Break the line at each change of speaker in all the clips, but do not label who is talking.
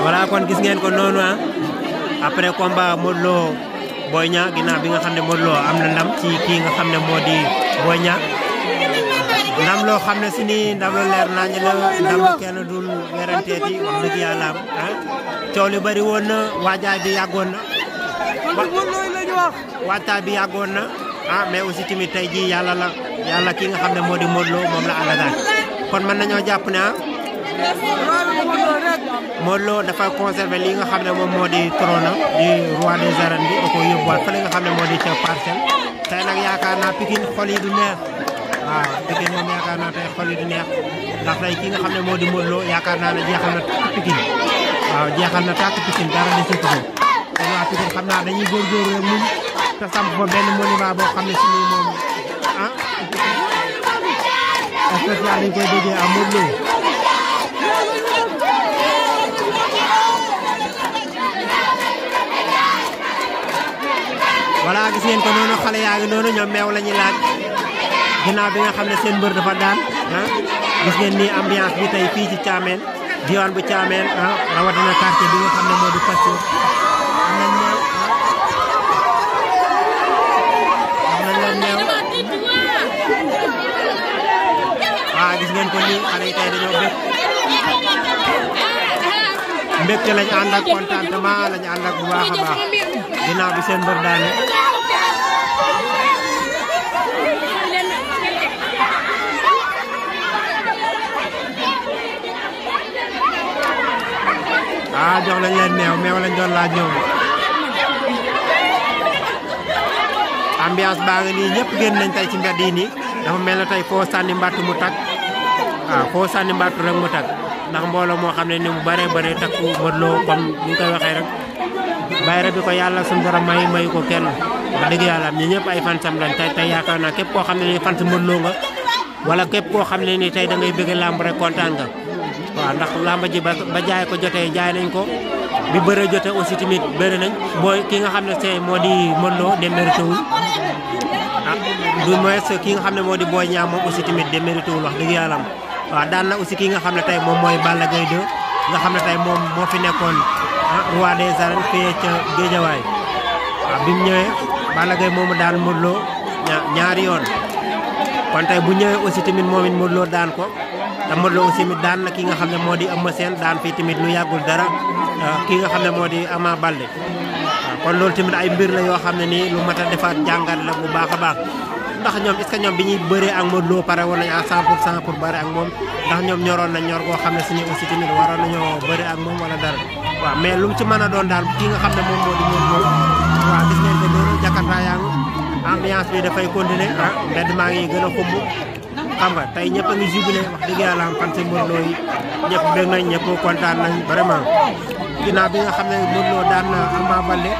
voilà kon gis ngeen ko noonu ah. après combat Modou Lo Boy bi nga xam ne Modou am na ndam ci kii nga ne moo di Boy ndam loo xam ne si nii ndam lu leer naa ñu la ndam lu kenn dul werantee di ah. coow li bëri woon na waajaay bi yàggoon na. waajtaay bi yàggoon na ah mais aussi tey jii yàlla la yàlla ki nga xam ne moo di Modou Lo moom la àlladaay kon mën nañoo jàpp ne ah. Modou dafa conservé li nga xam ne moom moo di trône di roi des arènes bi da koo yóbbuwaat fële nga xam ne moo di ca parcelle tey nag yaakaar naa Pikine xol yi du neex. waaw Pikine moom yaakaar naa tey xol yi di neex ndax tey ki nga xam ne moo di Modou Lo yaakaar naa ne jeexal na tàkk Pikine waaw jeexal na tàkk Pikine dara di suuf xam naa dañuy góorgóorlu ak ñun te samp fa benn boo xam ne si nii moom ah. spécial dañ ko noonu xale yaa ngi noonu ñoom meew la laaj. ginaaw bi nga xamne seen mbeur dafa daan ah gis ngeen ni ambiance bi tay fi ci Thiamène diwan bu Thiamène ah rawatina quartier bi nga xamne mo moo di Pasto am nañ ñaaw ah, am ah, gis ngeen ko ah jox lañ leen meew meew lañ doon laaj ñoom ambiance baa nga nii ñëpp génn nañ tey ci mbedd yi nii dafa mel na tey foo sànni mbàtt mu tag waaw ah, foo sànni mbàtt rek mu tag ndax mbooloo moo xam ne ni mu bare bare takku mëtloo comme ni koy waxee rek bayra bi ko yàlla suñu borom may may ko kenn wax dëgg yàlla ñi ñëpp ay fansam lañ tey tey yaakaar naa képp koo xam ne ni nga wala képp koo xam ne ni tey da ngay bëgg rek kontaan nga waaw ndax làmba ji ba ba jaay ko jotee jaay nañ ko bi bëre jotee aussi tamit bëre nañ booy ki nga xam ne see moo di mën loo démérité wul ah du moins ki nga xam ne moo di booy ñaam moo aussi tamit démérité wul wax dëgg yàlla am waaw daan na aussi ki nga xam ne tey moom mooy Balla Gaye 2 nga xam ne tey moom moo fi nekkoon ah, roi des arènes fee ca Géejawaay waaw bi ñëwee Balla Gaye moomu daan Modou Lo ñaari yoon kon tey bu ñëwee aussi tamit moom it Modou daan ko te Modou Lo aussi na ki nga xamne modi moo sen dan fi timit lu yagul dara euh, ki nga xamne modi moo di Ama Baldé kon lol timit ay mbir la yo xamne ni lu mata defat jangal la bu baakha baax ndax ñom est ce ñom biñuy beure ak Modou Lo paré wala ñu à 100 pour 100 ak mom ndax ñom ñoroon na ñor go xamne suñu aussi timit waro nañu beure ak mom wala dara wa mais lu ci mëna doon dal ki nga xamne mom modi moo Lo gis ngeen que jakarta yaa ambiance bi fay continuer ah mbedd ngi gëna a xam nga tey ñëpp a ngi jubilé wax dëgg yàlla am fan si Modou Lo yi ñëpp bëgg nañ ñëpp kontaan nañ vraiment ginnaaw bi nga xam ne Modou Lo daan na Ama Baldé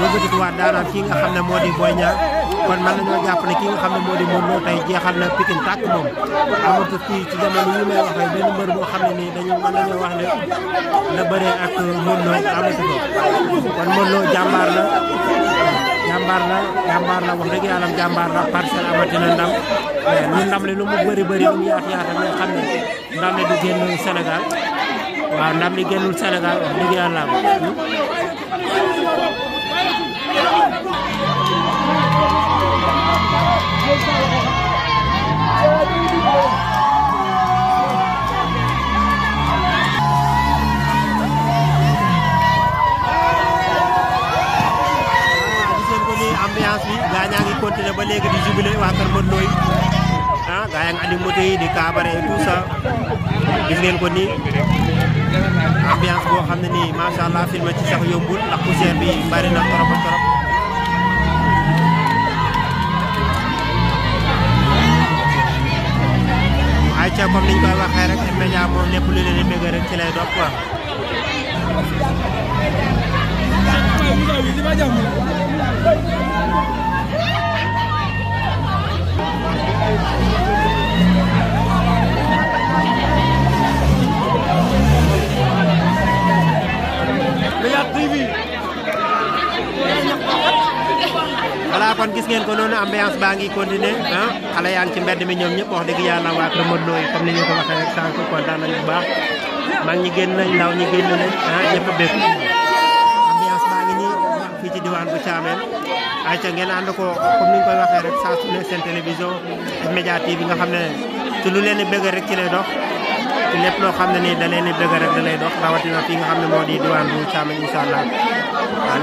yëkkatiwaat daanaan kii nga xam ne moo di Boy Niang kon man nañoo jàpp ne kii nga xam ne moo di Modou Lo tey jeexal na Pikine tàkk moom amatu fii ci jamono yi may wax rek benn mbër boo xam ne nii dañu mën nañoo wax ne la bëree ak Modou Lo amatu ko kon Modou Lo jàmbaar la jàmbaar la jàmbaar la wax dëgg yàlla jàmbaar la amatina ndam mais lu ndam li lu mu bëri bëri lu mu yaatu yaatu xam ne ndam li du génnul Sénégal waaw ndam li génnul Sénégal wax dëgg yàlla léegi nah, di jubilé waa Kër Modou Lo yi ah gaa yaa ngi andi di kaabare et tout ça gis ngeen ko nii ambiance boo xam ne nii macha allah film ci sax yombul ndax poussière bi bari na trop trop. ayca comme niñ koy waxee rek média moom lépp lu leen di bëgg rek ci lay dox quoi. Thank you lihat TV voilà gis ngeen ko noonu ambiance baa ngi continuer ah xale yaa ngi ci mbedd mi ñoom ñëpp wax dëgg yàlla waa kër Modou Lo comme ni ñu ko waxee rek sànq kontaan nañu bu baax mag ñi génn nañ ndaw ñi nañ Thiamène ayca ngeen ànd ko comme ni ñu koy waxee rek saa su ne seen télévision Média TV nga xam ne ci lu leen di bëgg rek ci lay dox ci lépp loo xam ne nii da leen bëgg rek da lay dox rawatina fii nga xam ne moo di diwaan bu Thiamène incha allah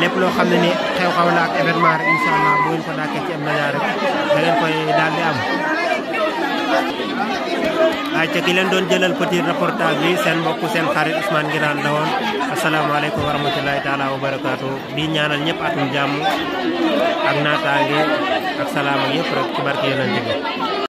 lépp loo xam ne nii xew-xew la ak événement rek incha allah bu ngeen ko dàkkee ci Média rek da koy daal di am. ay ca ki leen doon jëlal petit reportage bi seen mbokk seen xarit Ousmane Ngiraan la woon asalaamaaleykum wa rahmatulahi taala wa barakaatu di ñaanal ñëpp atum jàmm ak naataange ak salaam ak yëpp ci barke yonente bi